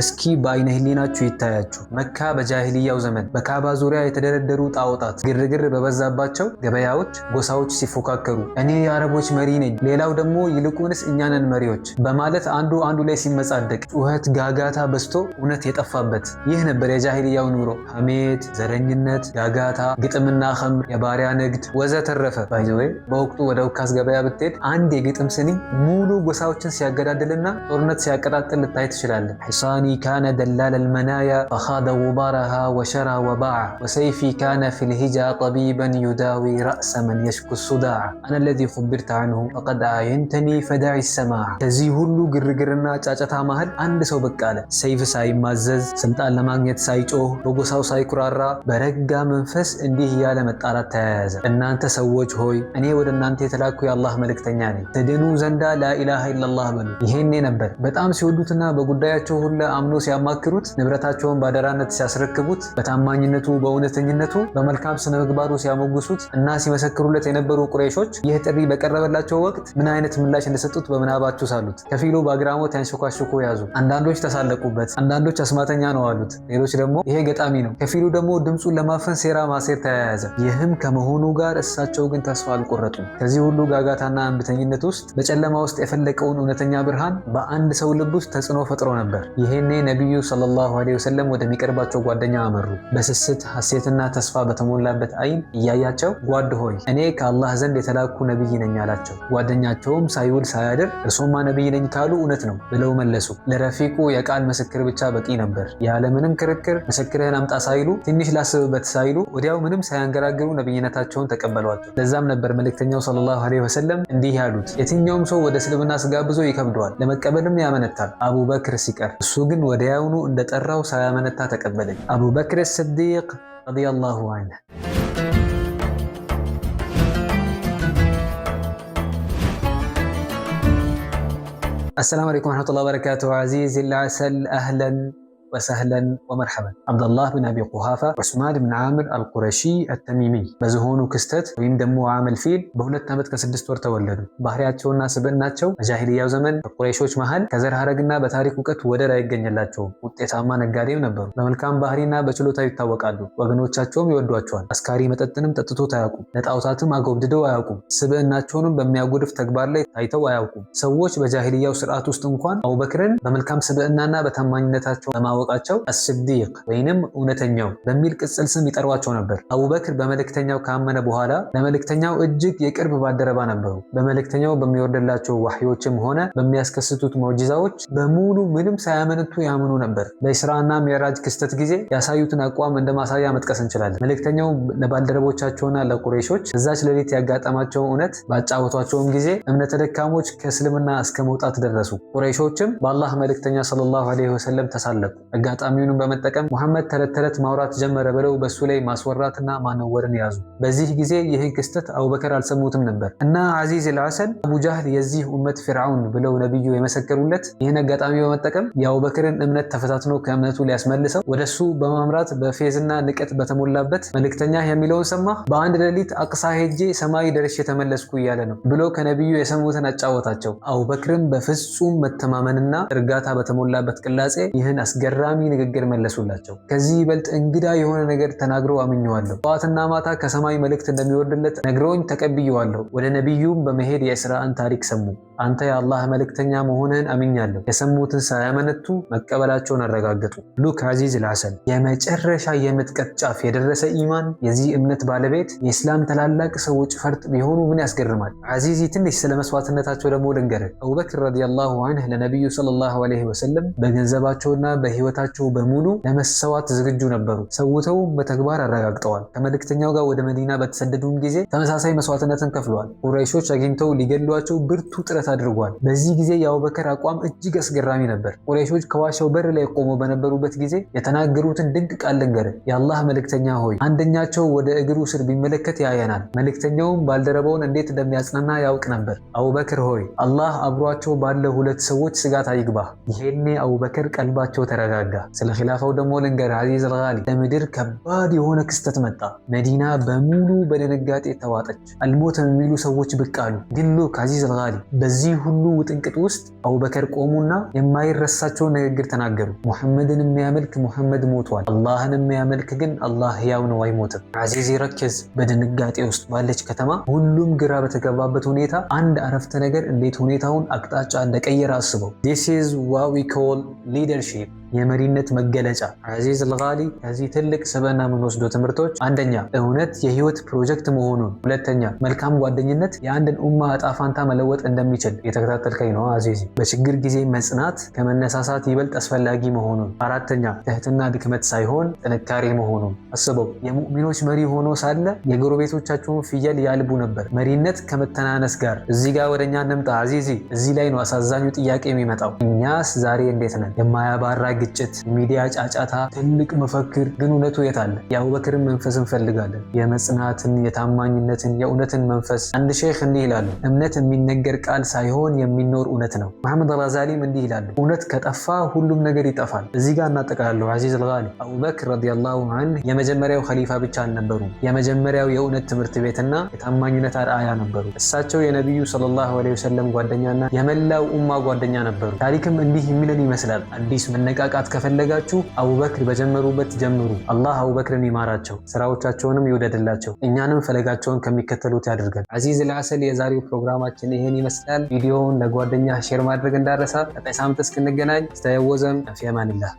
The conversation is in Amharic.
እስኪ በአይነ ህሊናችሁ ይታያችሁ። መካ በጃህልያው ዘመን በካባ ዙሪያ የተደረደሩ ጣዖታት ግርግር በበዛባቸው ገበያዎች ጎሳዎች ሲፎካከሩ እኔ የአረቦች መሪ ነኝ፣ ሌላው ደግሞ ይልቁንስ እኛንን መሪዎች በማለት አንዱ አንዱ ላይ ሲመጻደቅ ጩኸት፣ ጋጋታ በዝቶ እውነት የጠፋበት ይህ ነበር የጃህልያው ኑሮ። ሐሜት፣ ዘረኝነት፣ ጋጋታ፣ ግጥምና ኸምር፣ የባሪያ ንግድ ወዘተረፈ። ባይዘወይ በወቅቱ ወደ ውካስ ገበያ ብትሄድ አንድ የግጥም ስኒ ሙሉ ጎሳዎችን ሲያገዳድልና ጦርነት ሲያቀጣጥል ልታይ ትችላለን። عني كان دلال المنايا فخاد غبارها وشرى وباع وسيفي كان في الهجا طبيبا يداوي رأس من يشكو الصداع أنا الذي خبرت عنه فقد عينتني فدعي السماع تزيه اللو قر قرنا تاتا مهل عند سو بكالة سيف ساي مازز سلطان لما نيت ساي جوه روغو ساو ساي كرارا برقا منفس انديه يا لما تازا ان انت سووج هوي اني ود ان انت تلاكو يا الله ملك تنياني تدينو زندا لا اله الا الله منه يهني نبت بتام سيودوتنا بقدايا تشوه الله አምኖ ሲያማክሩት፣ ንብረታቸውን በአደራነት ሲያስረክቡት፣ በታማኝነቱ በእውነተኝነቱ በመልካም ስነ ምግባሩ ሲያሞግሱት እና ሲመሰክሩለት የነበሩ ቁረይሾች ይህ ጥሪ በቀረበላቸው ወቅት ምን አይነት ምላሽ እንደሰጡት በምናባችሁ ሳሉት። ከፊሉ በአግራሞት ያንሾካሾኩ ያዙ። አንዳንዶች ተሳለቁበት፣ አንዳንዶች አስማተኛ ነው አሉት። ሌሎች ደግሞ ይሄ ገጣሚ ነው፣ ከፊሉ ደግሞ ድምፁን ለማፈን ሴራ ማሴር ተያያዘ። ይህም ከመሆኑ ጋር እሳቸው ግን ተስፋ አልቆረጡም። ከዚህ ሁሉ ጋጋታና እንብተኝነት ውስጥ በጨለማ ውስጥ የፈለቀውን እውነተኛ ብርሃን በአንድ ሰው ልብ ውስጥ ተጽዕኖ ፈጥሮ ነበር። ይህን ይህኔ ነቢዩ ሰለላሁ ዐለይሂ ወሰለም ወደሚቀርባቸው ጓደኛ አመሩ። በስስት ሐሴትና ተስፋ በተሞላበት አይን እያያቸው ጓድ ሆይ እኔ ከአላህ ዘንድ የተላኩ ነቢይ ነኝ አላቸው። ጓደኛቸውም ሳይውል ሳያድር እርሶማ ነቢይ ነኝ ካሉ እውነት ነው ብለው መለሱ። ለረፊቁ የቃል ምስክር ብቻ በቂ ነበር። ያለምንም ክርክር ምስክርህን አምጣ ሳይሉ፣ ትንሽ ላስብበት ሳይሉ ወዲያው ምንም ሳያንገራግሩ ነቢይነታቸውን ተቀበሏቸው። ለዛም ነበር መልእክተኛው ሰለላሁ ዐለይሂ ወሰለም እንዲህ ያሉት፣ የትኛውም ሰው ወደ እስልምና ስጋብዞ ይከብደዋል፣ ለመቀበልም ያመነታል አቡበክር ሲቀር እሱ ግን ግን ወዲያውኑ እንደጠራው ሳያመነታ ተቀበለኝ። አቡበክር ስዲቅ ረዲየላሁ አንሁ السلام عليكم ورحمة الله وبركاته عزيزي العسل أهلا ወሰህለን ወመርሐበን። አብደላህ ብን አቢ ቁሃፋ ዑስማን ብን ዓምር አልቁረሺ አተሚሚ በዝሆኑ ክስተት ወይም ደግሞ አመል ፊል በሁለት ዓመት ከስድስት ወር ተወለዱ። ባህሪያቸውና ስብዕናቸው በጃሂልያው ዘመን በቁረይሾች መሃል ከዘር ሐረግና በታሪክ እውቀት ወደር አይገኝላቸውም። ውጤታማ ነጋዴም ነበሩ። በመልካም ባህሪና በችሎታ ይታወቃሉ። ወገኖቻቸውም ይወዷቸዋል። አስካሪ መጠጥንም ጠጥቶ አያውቁም። ለጣዖታትም አጎብድደው አያውቁም። ስብዕናቸውንም በሚያጎድፍ ተግባር ላይ ታይተው አያውቁም። ሰዎች በጃሂልያው ስርዓት ውስጥ እንኳን አቡበክርን በመልካም ስብዕናና በታማኝነታቸው ለማወቅ ሲያወጣቸው አስዲቅ ወይንም እውነተኛው በሚል ቅጽል ስም ይጠሯቸው ነበር። አቡበክር በመልእክተኛው ካመነ በኋላ ለመልእክተኛው እጅግ የቅርብ ባደረባ ነበሩ። በመልእክተኛው በሚወርድላቸው ዋህዮችም ሆነ በሚያስከስቱት ሙዕጂዛዎች በሙሉ ምንም ሳያመነቱ ያምኑ ነበር። በኢስራና ሚዕራጅ ክስተት ጊዜ ያሳዩትን አቋም እንደ ማሳያ መጥቀስ እንችላለን። መልእክተኛው ለባልደረቦቻቸውና ለቁሬሾች እዛች ሌሊት ያጋጠማቸው እውነት ባጫወቷቸውም ጊዜ እምነተ ደካሞች ከእስልምና እስከ መውጣት ደረሱ። ቁሬሾችም በአላህ መልእክተኛ ሰለላሁ ዐለይሂ ወሰለም ተሳለቁ። አጋጣሚውንም በመጠቀም ሙሐመድ ተረት ተረት ማውራት ጀመረ ብለው በሱ ላይ ማስወራትና ማነወርን ያዙ። በዚህ ጊዜ ይህን ክስተት አቡበከር አልሰሙትም ነበር እና አዚዝ ልአሰን አቡጃህል የዚህ ኡመት ፊርዓውን ብለው ነቢዩ የመሰከሩለት ይህን አጋጣሚ በመጠቀም የአቡበክርን እምነት ተፈታትኖ ከእምነቱ ሊያስመልሰው ወደሱ በማምራት በፌዝና ንቀት በተሞላበት መልእክተኛ የሚለውን ሰማ። በአንድ ሌሊት አቅሳ ሄጄ ሰማይ ደርሼ ተመለስኩ እያለ ነው ብሎ ከነቢዩ የሰሙትን አጫወታቸው። አቡበክርም በፍጹም መተማመንና እርጋታ በተሞላበት ቅላጼ ይህን አስገራ ገራሚ ንግግር መለሱላቸው። ከዚህ ይበልጥ እንግዳ የሆነ ነገር ተናግረው አምኘዋለሁ። ጠዋትና ማታ ከሰማይ መልእክት እንደሚወርድለት ነግረውኝ ተቀብየዋለሁ። ወደ ነቢዩም በመሄድ የእስራን ታሪክ ሰሙ። አንተ የአላህ መልእክተኛ መሆንህን አምኛለሁ። የሰሙትን ሳያመነቱ መቀበላቸውን አረጋገጡ። ሉክ አዚዝ ላሰል የመጨረሻ የምጥቀት ጫፍ የደረሰ ኢማን። የዚህ እምነት ባለቤት የእስላም ታላላቅ ሰዎች ፈርጥ ቢሆኑ ምን ያስገርማል። አዚዚ ትንሽ ስለ መስዋዕትነታቸው ደግሞ ልንገርህ። አቡበክር ረዲያላሁ አንህ ለነቢዩ ሰለላሁ ዐለይሂ ወሰለም በገንዘባቸውና በህይወት ሕይወታቸው በሙሉ ለመሰዋት ዝግጁ ነበሩ። ሰውተው በተግባር አረጋግጠዋል። ከመልእክተኛው ጋር ወደ መዲና በተሰደዱም ጊዜ ተመሳሳይ መስዋዕትነትን ከፍለዋል። ቁረይሾች አግኝተው ሊገሏቸው ብርቱ ጥረት አድርጓል። በዚህ ጊዜ የአቡበከር አቋም እጅግ አስገራሚ ነበር። ቁረይሾች ከዋሻው በር ላይ ቆመው በነበሩበት ጊዜ የተናገሩትን ድንቅ ቃል ልንገር። የአላህ መልእክተኛ ሆይ አንደኛቸው ወደ እግሩ ስር ቢመለከት ያየናል። መልእክተኛውም ባልደረባውን እንዴት እንደሚያጽናና ያውቅ ነበር። አቡበክር ሆይ አላህ አብሯቸው ባለ ሁለት ሰዎች ስጋት አይግባህ። ይሄኔ አቡበከር ቀልባቸው ተረጋ ተረጋጋ። ስለ ኪላፋው ደግሞ ልንገር አዚዝ አልጋሊ። ለምድር ከባድ የሆነ ክስተት መጣ። መዲና በሙሉ በድንጋጤ ተዋጠች። አልሞተ የሚሉ ሰዎች ብቅ አሉ። ግን ሉክ አዚዝ አልጋሊ፣ በዚህ ሁሉ ውጥንቅጥ ውስጥ አቡበከር ቆሙና የማይረሳቸውን ንግግር ተናገሩ። ሙሐመድን የሚያመልክ ሙሐመድ ሞቷል፣ አላህን የሚያመልክ ግን አላህ ሕያው ነው አይሞትም። አዚዝ ይረክዝ። በድንጋጤ ውስጥ ባለች ከተማ ሁሉም ግራ በተገባበት ሁኔታ አንድ አረፍተ ነገር እንዴት ሁኔታውን አቅጣጫ እንደቀየረ አስበው። ዲስ ኢዝ ዋት ዊ ኮል ሊደርሺፕ የመሪነት መገለጫ። አዚዝ ልቃሊ ከዚህ ትልቅ ስብዕና የምንወስዶ ትምህርቶች አንደኛ እውነት የህይወት ፕሮጀክት መሆኑን፣ ሁለተኛ መልካም ጓደኝነት የአንድን ኡማ እጣ ፋንታ መለወጥ እንደሚችል የተከታተልከኝ ነው አዚዚ። በችግር ጊዜ መጽናት ከመነሳሳት ይበልጥ አስፈላጊ መሆኑን፣ አራተኛ ትህትና ድክመት ሳይሆን ጥንካሬ መሆኑን። አስበው የሙእሚኖች መሪ ሆኖ ሳለ የጎረቤቶቻቸውን ፍየል ያልቡ ነበር። መሪነት ከመተናነስ ጋር። እዚህ ጋር ወደኛ እኛ እንምጣ አዚዚ። እዚህ ላይ ነው አሳዛኙ ጥያቄ የሚመጣው፣ እኛስ ዛሬ እንዴት ነን? የማያባራ ጊዜ ግጭት፣ ሚዲያ ጫጫታ፣ ትልቅ መፈክር። ግን እውነቱ የት አለ? የአቡበክርን መንፈስ እንፈልጋለን። የመጽናትን፣ የታማኝነትን፣ የእውነትን መንፈስ። አንድ ሼክ እንዲህ ይላሉ፣ እምነት የሚነገር ቃል ሳይሆን የሚኖር እውነት ነው። መሐመድ ራዛሊም እንዲህ ይላሉ፣ እውነት ከጠፋ ሁሉም ነገር ይጠፋል። እዚህ ጋር እናጠቃላለሁ። አዚዝ አልጋሊ አቡበክር ረዲየላሁ አንሁ የመጀመሪያው ከሊፋ ብቻ አልነበሩም። የመጀመሪያው የእውነት ትምህርት ቤትና የታማኝነት አርአያ ነበሩ። እሳቸው የነቢዩ ሰለላሁ ዐለይሂ ወሰለም ጓደኛና የመላው ኡማ ጓደኛ ነበሩ። ታሪክም እንዲህ የሚለን ይመስላል አዲስ መነቃ መነቃቃት ከፈለጋችሁ አቡበክር በጀመሩበት ጀምሩ። አላህ አቡበክርን ይማራቸው፣ ስራዎቻቸውንም ይውደድላቸው፣ እኛንም ፈለጋቸውን ከሚከተሉት ያድርገን። አዚዝ ለአሰል የዛሬው ፕሮግራማችን ይህን ይመስላል። ቪዲዮውን ለጓደኛ ሼር ማድረግ እንዳረሳ። ቀጣይ ሳምንት እስክንገናኝ ስተየወዘም ፊ አማኒላህ